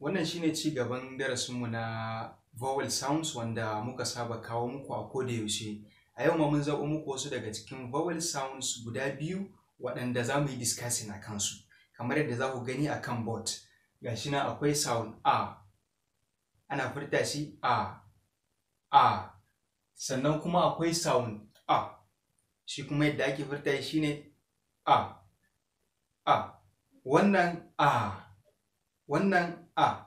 Wannan shine ci gaban darasinmu na vowel sounds wanda muka saba kawo muku a koda yaushe. A yau ma mun zaɓo muku wasu daga cikin vowel sounds guda biyu waɗanda za mu yi discussing a kansu. Kamar yadda za ku gani a kan board. Gashi nan akwai sound a. Ana furta shi a. A. Sannan kuma akwai sound a. Shi kuma yadda ake furta shi ne a. A. Wannan a. Wannan a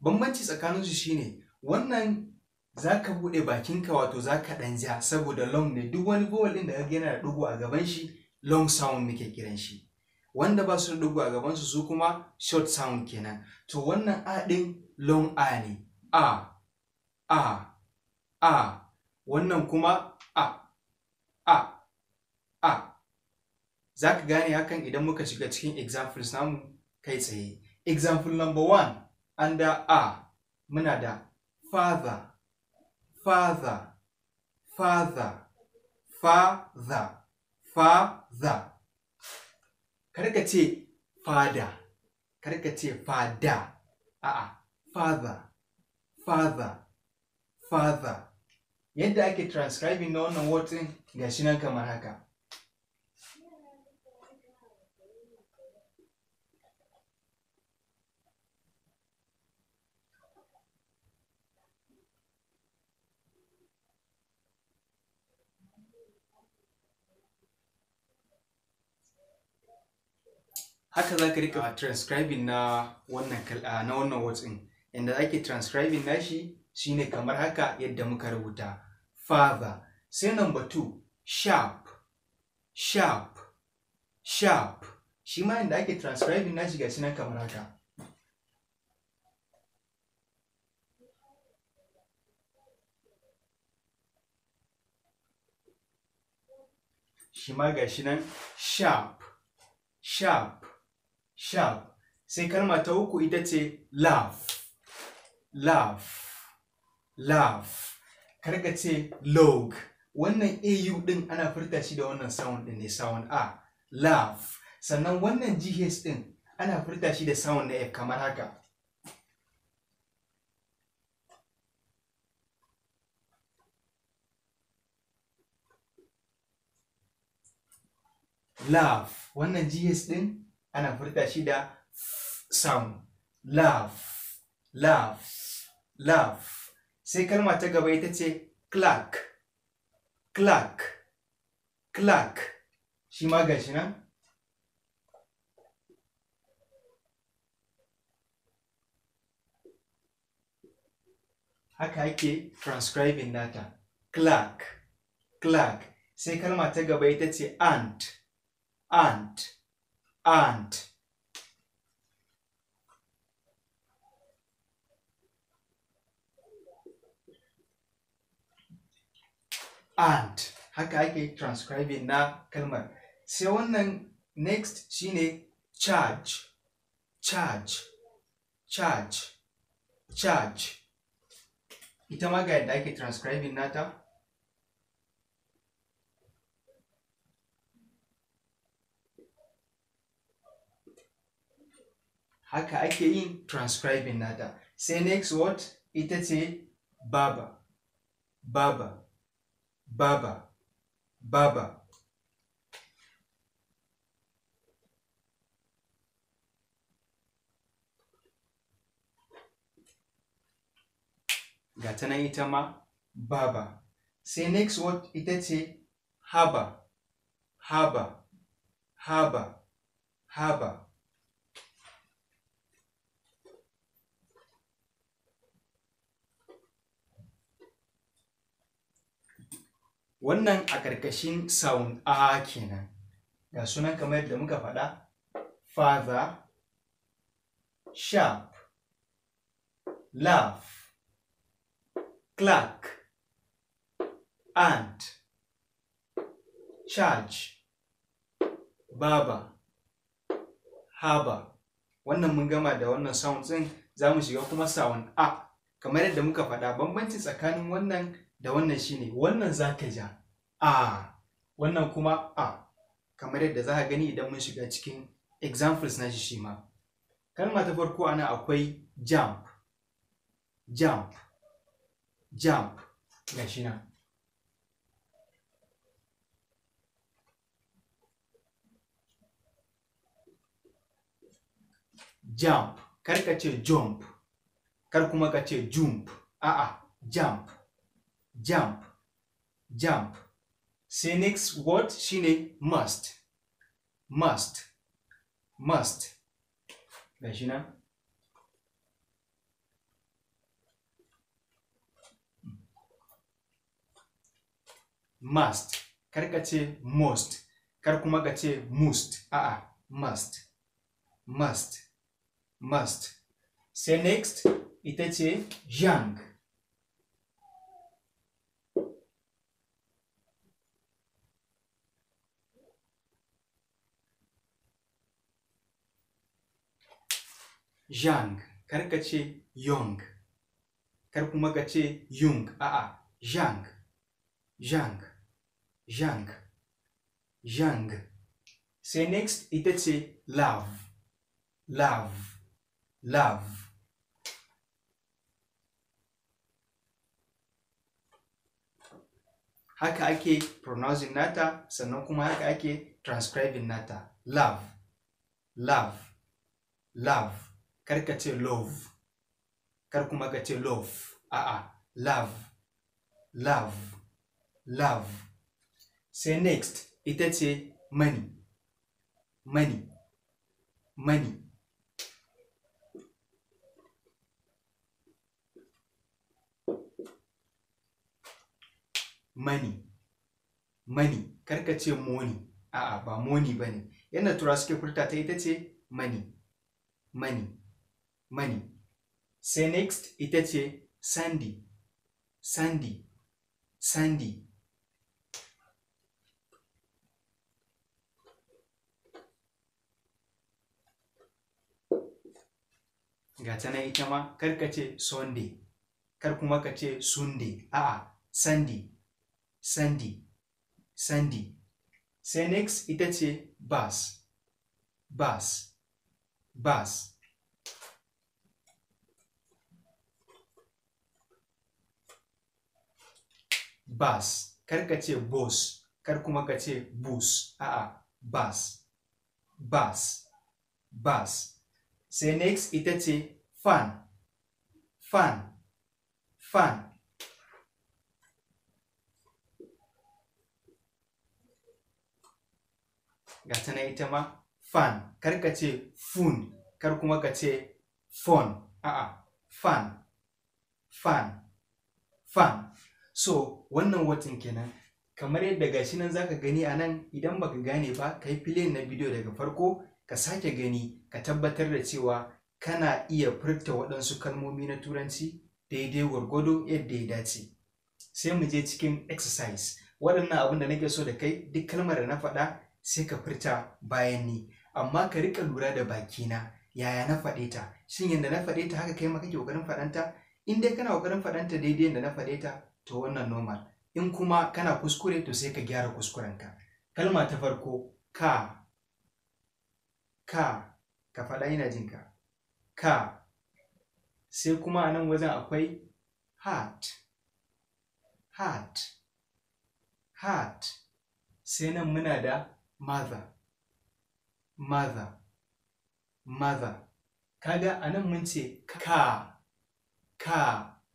bambanci tsakaninsu shine wannan za ka buɗe bakinka wato za ka ɗan saboda long ne duk wani vowel ɗin da ka gina da ɗigo a gaban shi long sound muke kiran shi wanda ba su da ɗigo a gabansu su kuma short sound kenan to wannan a ɗin long a ne a a a wannan kuma a a a za ka gane hakan idan muka shiga cikin examples namu kai tsaye Example number one, under A, muna da father, father, father, father, father. Karka ce fada, karka ce fada, a'a, father, father, father. Yadda ake transcribing na wannan word ɗin gashi nan kamar haka. haka za ka rika ah, transcribing na wannan ah, na wannan words din inda ake transcribing nashi shine kamar haka yadda muka rubuta father sai number two sharp sharp sharp shi ma inda ake transcribing nashi gashi nan kamar haka shi ma gashi nan sharp sharp shall sai kalma ta uku ita ce love love love karka ce log wannan au din ana furta shi da wannan sound din ne sound a love sannan wannan gh din ana furta shi da sound na f kamar haka love wannan gs din ana furta shi da sound love love love sai kalma ta gaba ita ce clerk clerk clerk shi ma gashi nan haka ake transcribing nata clerk clerk sai kalma ta gaba ita ce aunt aunt and and haka ake transcribing na kalmar sai wannan next shine charge charge charge charge ita ma ga yadda ake transcribing nata haka ake yin transcribing nata sai next word ita ce baba baba baba baba ga nan ita ma baba sai next word ita ce haba haba haba haba wannan a ƙarƙashin sound a kenan ga sunan kamar yadda muka faɗa father sharp laugh clerk aunt charge baba haba wannan mun gama da wannan sound din za mu shiga kuma sound a kamar yadda muka faɗa bambanci tsakanin wannan da wannan shine wannan za ka ja a wannan kuma a kamar yadda za ka gani idan mun shiga cikin examples na shi shi ma kalma ta farko ana akwai jump jump jump ga shi nan jump kar ka ce jump kar kuma ka ce jump a'a jump jump jump say next word shine must must must gashi must kar kace most kar kuma ce must a'a must must must say next ita ce young Zhang, kar ka ce Yong, kar kuma ka ce Yung, a'a, Zhang, Zhang, Zhang, Zhang. Sai next ita ce love, love, love. Haka ake pronouncing nata sannan kuma haka ake transcribing nata. Love, love, love. kar ka ce love kar kuma ka ce love a'a love love love sai next ita ce money money money money money Kar ka ce money a'a ba money bane yana tura suke furta ta ita ce money money mani sai next ita ce sandy sandy sandy ga na ita ma kar ka ce sunday kar kuma ka ce sunday a'a sandy sandy sandy sai next ita ce bus bus bus bas kar ka ce bus kar kuma ka ce bus a'a bas bas bas sai next ita ce fan fan fan ga ta ita ma fan kar ka ce fun kar kuma ka ce fon a'a fan fan fan fan so wannan watan kenan kamar yadda gashi nan zaka gani a nan idan baka gane ba ka yi filin na bidiyo daga farko ka sake gani ka tabbatar da cewa kana iya furta waɗansu kalmomi na turanci daidai gwargwado yadda ya dace sai mu je cikin exercise waɗannan abin da nake so da kai duk kalmar da na faɗa sai ka furta bayan ni amma ka riƙa lura da bakina yaya na faɗe ta shin yadda na faɗe ta haka kai ma kake ƙoƙarin faɗanta in dai kana ƙoƙarin faɗanta daidai yadda na faɗe ta to wannan normal in kuma kana kuskure to sai ka gyara kuskurenka kalma ta farko ka ka ka faɗa ina jin ka sai kuma a nan wajen akwai heart heart heart sai nan muna da mother mother mother kaga a nan mun ce ka ka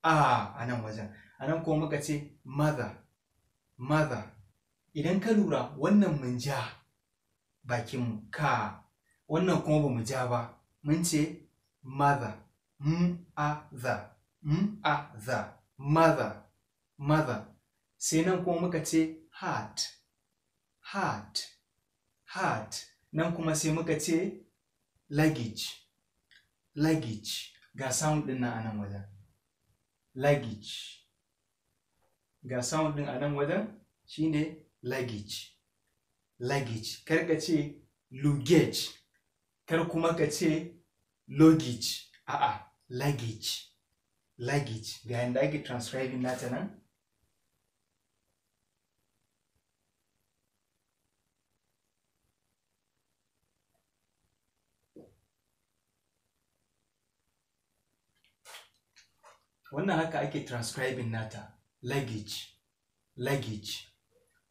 a a nan wajen a nan kuma muka ce mother mother idan ka lura wannan mun ja bakin ka wannan kuma ba mu ja ba mun ce mother m a the m a the mother mother sai nan kuma muka ce heart heart heart nan kuma sai muka ce luggage luggage ga sound din nan a nan wajen luggage ga sound din a nan wajen shine luggage luggage kar ka ce luggage kar kuma ka ce luggage a'a luggage luggage ga yadda ake transcribing nata nan wannan haka ake transcribing nata luggage luggage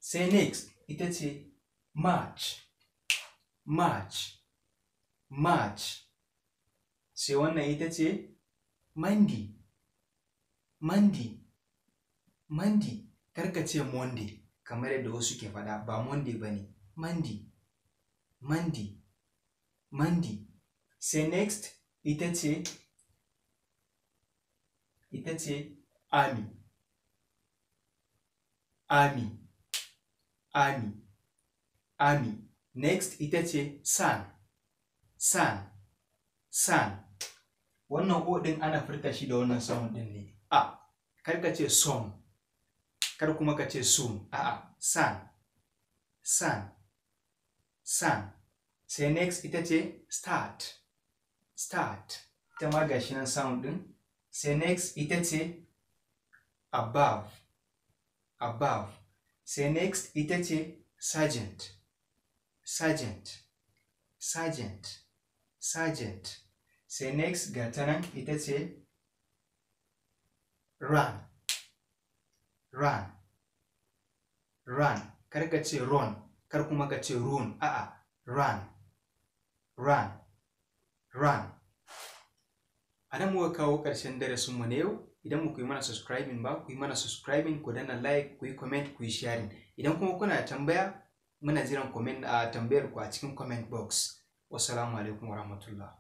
say next ita ce march march march sai wannan ita ce monday monday monday karka ce monday kamar yadda wasu ke faɗa ba monday ba ne monday monday monday sai next ita ce ita ce army ami ami ami next ita ce san san san wannan o din ana furta shi da wannan sound din ne a kar ka ce son kar kuma ka ce sun a'a san san san sai next ita ce start start ta ma gashi nan sound din sai next ita ce above above Say next ita ce sergeant sergeant sergeant sergeant Say next ga ta nan ita ce run run run kar ka ce run kar kuma ka ce run a'a run run run a nan muka kawo ƙarshen darasinmu na yau idan muku yi mana subscribing ba ku yi mana subscribing ku danna like ku yi comment ku yi sharing idan kuma kuna tambaya muna jiran comment a ah, tambayar ku a cikin comment box wassalamu alaikum warahmatullahi